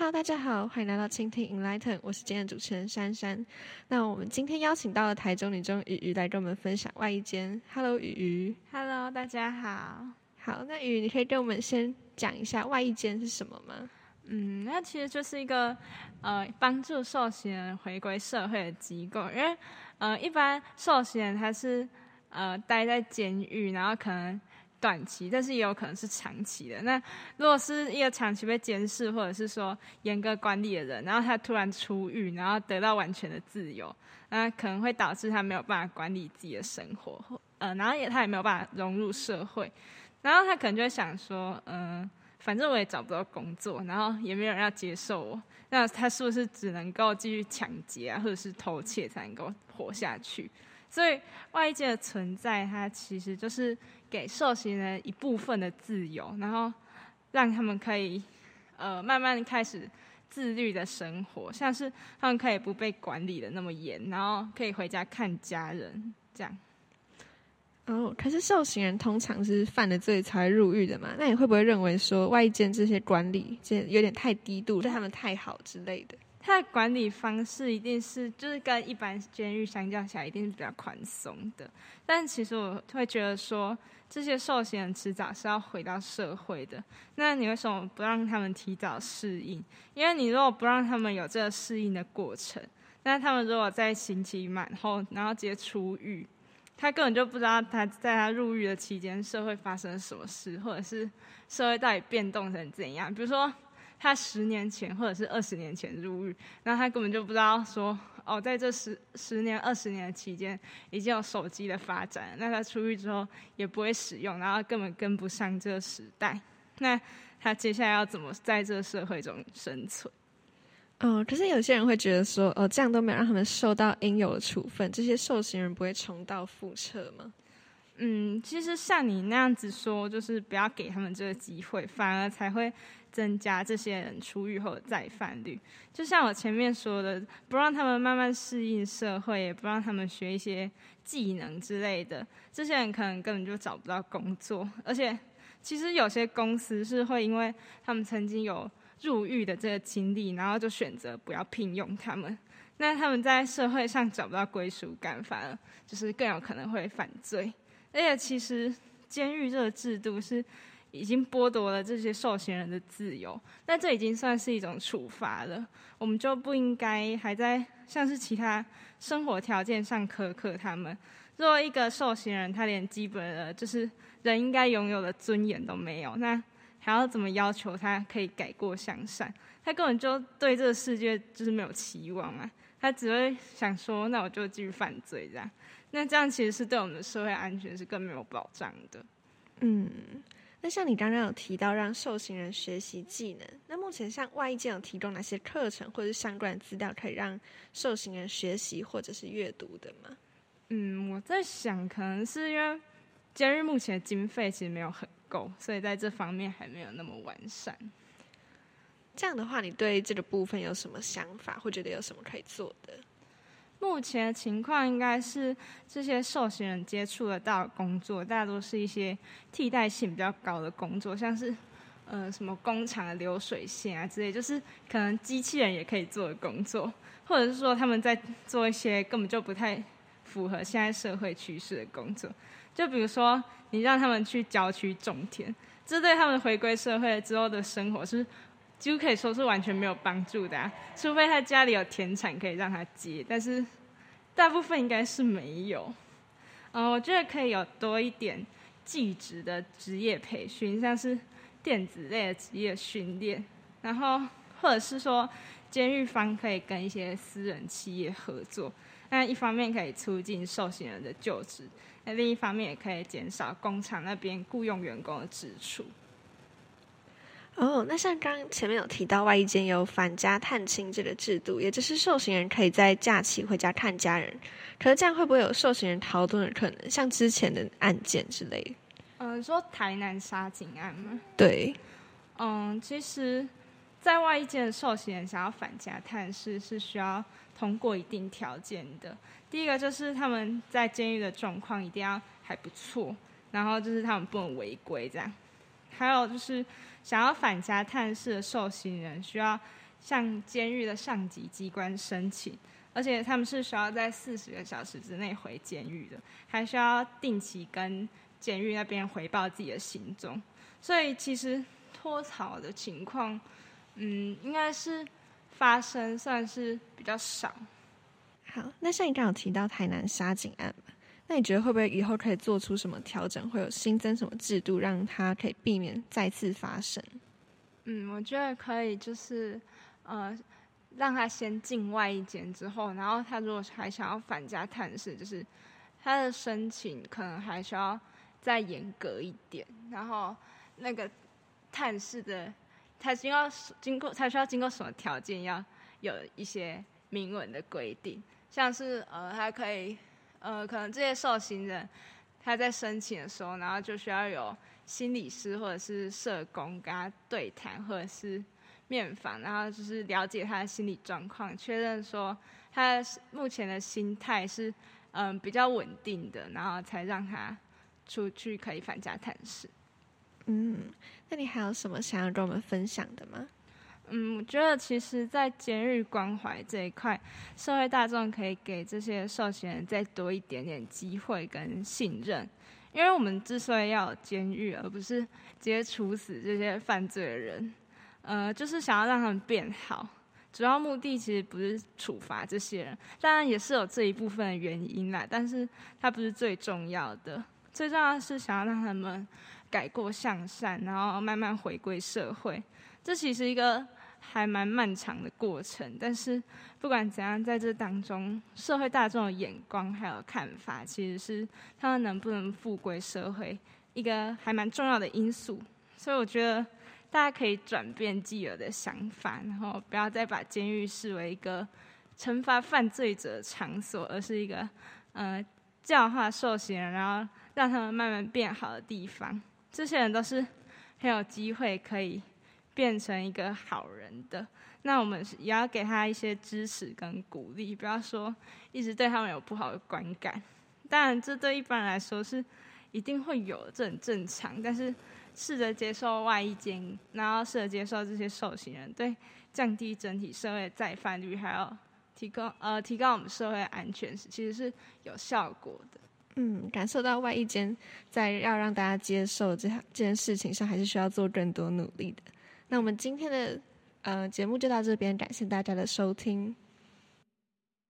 Hello，大家好，歡迎來到傾聽 Enlighten，我是今天的主持人珊珊。那我們今天邀請到了台中女中雨雨來跟我們分享外役監。Hello，雨雨。Hello，大家好。好，那雨雨，你可以跟我們先講一下外役監是什麼嗎？嗯，那其實就是一個呃幫助受刑人回歸社會的機構，因為呃一般受刑人他是呃待在監獄，然後可能。短期，但是也有可能是長期的。那如果是一個長期被監視或者是說嚴格管理的人，然後他突然出獄，然後得到完全的自由，那可能會導致他沒有辦法管理自己的生活，呃，然後也他也沒有辦法融入社會，然後他可能就會想說，嗯、呃，反正我也找不到工作，然後也沒有人要接受我，那他是不是只能夠繼續搶劫啊，或者是偷竊才能夠活下去？所以外役監的存在，它其實就是。給受刑人一部分的自由，然後讓他們可以，呃，慢慢開始自律的生活，像是他們可以不被管理的那麼嚴，然後可以回家看家人這樣。哦，可是受刑人通常是犯了罪才入獄的嘛。那你會不會認為說外界這些管理這些有點太低度，對他們太好之類的？他的管理方式一定是就是跟一般監獄相較起來，一定是比較寬鬆的。但其實我會覺得說，這些受刑人遲早是要回到社會的。那你為什麼不讓他們提早適應？因為你如果不讓他們有這個適應的過程，那他們如果在刑期滿後，然後直接出獄，他根本就不知道他在他入獄的期間，社會發生了什麼事，或者是社會到底變動成怎樣。比如說。他十年前或者是二十年前入獄，那他根本就不知道說哦，在這十十年、二十年的期間已經有手機的發展，那他出獄之後也不會使用，然後根本跟不上這個時代，那他接下來要怎麼在這個社會中生存？哦，可是有些人會覺得說哦，這樣都沒有讓他們受到應有的處分，這些受刑人不會重蹈覆轍嗎？嗯，其實像你那樣子說，就是不要給他們這個機會，反而才會增加這些人出獄後的再犯率。就像我前面說的，不讓他們慢慢適應社會，也不讓他們學一些技能之類的，這些人可能根本就找不到工作。而且，其實有些公司是會因為他們曾經有入獄的這個經歷，然後就選擇不要聘用他們。那他們在社會上找不到歸屬感，反而就是更有可能會犯罪。而且，其實監獄這個制度是已經剝奪了這些受刑人的自由，那這已經算是一種處罰了。我們就不應該還在像是其他生活條件上苛刻他們。作為一個受刑人，他連基本的就是人應該擁有的尊嚴都沒有，那還要怎麼要求他可以改過向善？他根本就對這個世界就是沒有期望啊。他只會想說，那我就繼續犯罪這樣，那這樣其實是對我們的社會安全是更沒有保障的。嗯，那像你剛剛有提到讓受刑人學習技能，那目前像外界有提供哪些課程或者是相關的資料可以讓受刑人學習或者是閱讀的嗎？嗯，我在想，可能是因為監獄目前的經費其實沒有很夠，所以在這方面還沒有那麼完善。這樣的話，你對這個部分有什麼想法，或覺得有什麼可以做的？目前情況應該是這些受刑人接觸得到的工作，大多是一些替代性比較高的工作，像是呃什麼工廠的流水線啊之類，就是可能機器人也可以做的工作，或者是說他們在做一些根本就不太符合現在社會趨勢的工作，就比如說你讓他們去郊區種田，這對他們回歸社會之後的生活是。幾乎可以說是完全沒有幫助的啊，除非他家裡有田產可以讓他接，但是大部分應該是沒有。嗯、哦，我覺得可以有多一點技職的職業培訓，像是電子類的職業訓練，然後或者是說，監獄方可以跟一些私人企業合作，那一方面可以促進受刑人的就職，那另一方面也可以減少工廠那邊僱傭員工的支出。哦，那像剛剛前面有提到外役監有返家探親這個制度，也就是受刑人可以在假期回家看家人。可是這樣會不會有受刑人逃遁的可能？像之前的案件之類。嗯，呃，說台南殺警案嗎？對。嗯，其實在外役監的受刑人想要返家探視，是需要通過一定條件的。第一個就是他們在監獄的狀況一定要還不錯，然後就是他們不能違規這樣。還有就是，想要返家探視的受刑人，需要向監獄的上級機關申請，而且他們是需要在四十個小時之內回監獄的，還需要定期跟監獄那邊回報自己的行蹤。所以其實脫逃的情況，嗯，應該是發生算是比較少。好，那像你剛有提到台南殺警案，那你覺得會不會以後可以做出什麼調整，會有新增什麼制度，讓他可以避免再次發生？嗯，我覺得可以，就是呃，讓他先進外役監之後，然後他如果還想要返家探視，就是他的申請可能還需要再嚴格一點，然後那個探視的，他需要經過，他需要經過什麼條件，要有一些明文的規定，像是呃，還可以。呃，可能這些受刑人，他在申請的時候，然後就需要有心理師或者是社工跟他對談，或者是面訪，然後就是了解他的心理狀況，確認說他目前的心態是嗯、呃、比較穩定的，然後才讓他出去可以返家探視。嗯，那你還有什麼想要跟我們分享的嗎？嗯，我覺得其實，在監獄關懷這一塊，社會大眾可以給這些受刑人再多一點點機會跟信任。因為我們之所以要有監獄，而不是直接處死這些犯罪的人，呃，就是想要讓他們變好。主要目的其實不是處罰這些人，當然也是有這一部分的原因啦，但是它不是最重要的。最重要的是想要讓他們改過向善，然後慢慢回歸社會。這其實一個。還蠻漫長的過程，但是不管怎樣，在這當中，社會大眾的眼光還有看法，其實是他們能不能復歸社會一個還蠻重要的因素。所以我覺得大家可以轉變既有的想法，然後不要再把監獄視為一個懲罰犯罪者的場所，而是一個呃教化受刑人，然後讓他們慢慢變好的地方。這些人都是很有機會可以變成一個好人的，那我們也要給他一些支持跟鼓勵，不要說一直對他們有不好的觀感。當然，這對一般人來說是一定會有，這很正常。但是，試着接受外役監，然後試着接受這些受刑人，對降低整體社會再犯率，還有提高呃提高我們社會安全，是其實是有效果的。嗯，感受到外役監，在要讓大家接受這這件事情上，還是需要做更多努力的。那我們今天的，呃，節目就到這邊，感謝大家的收聽。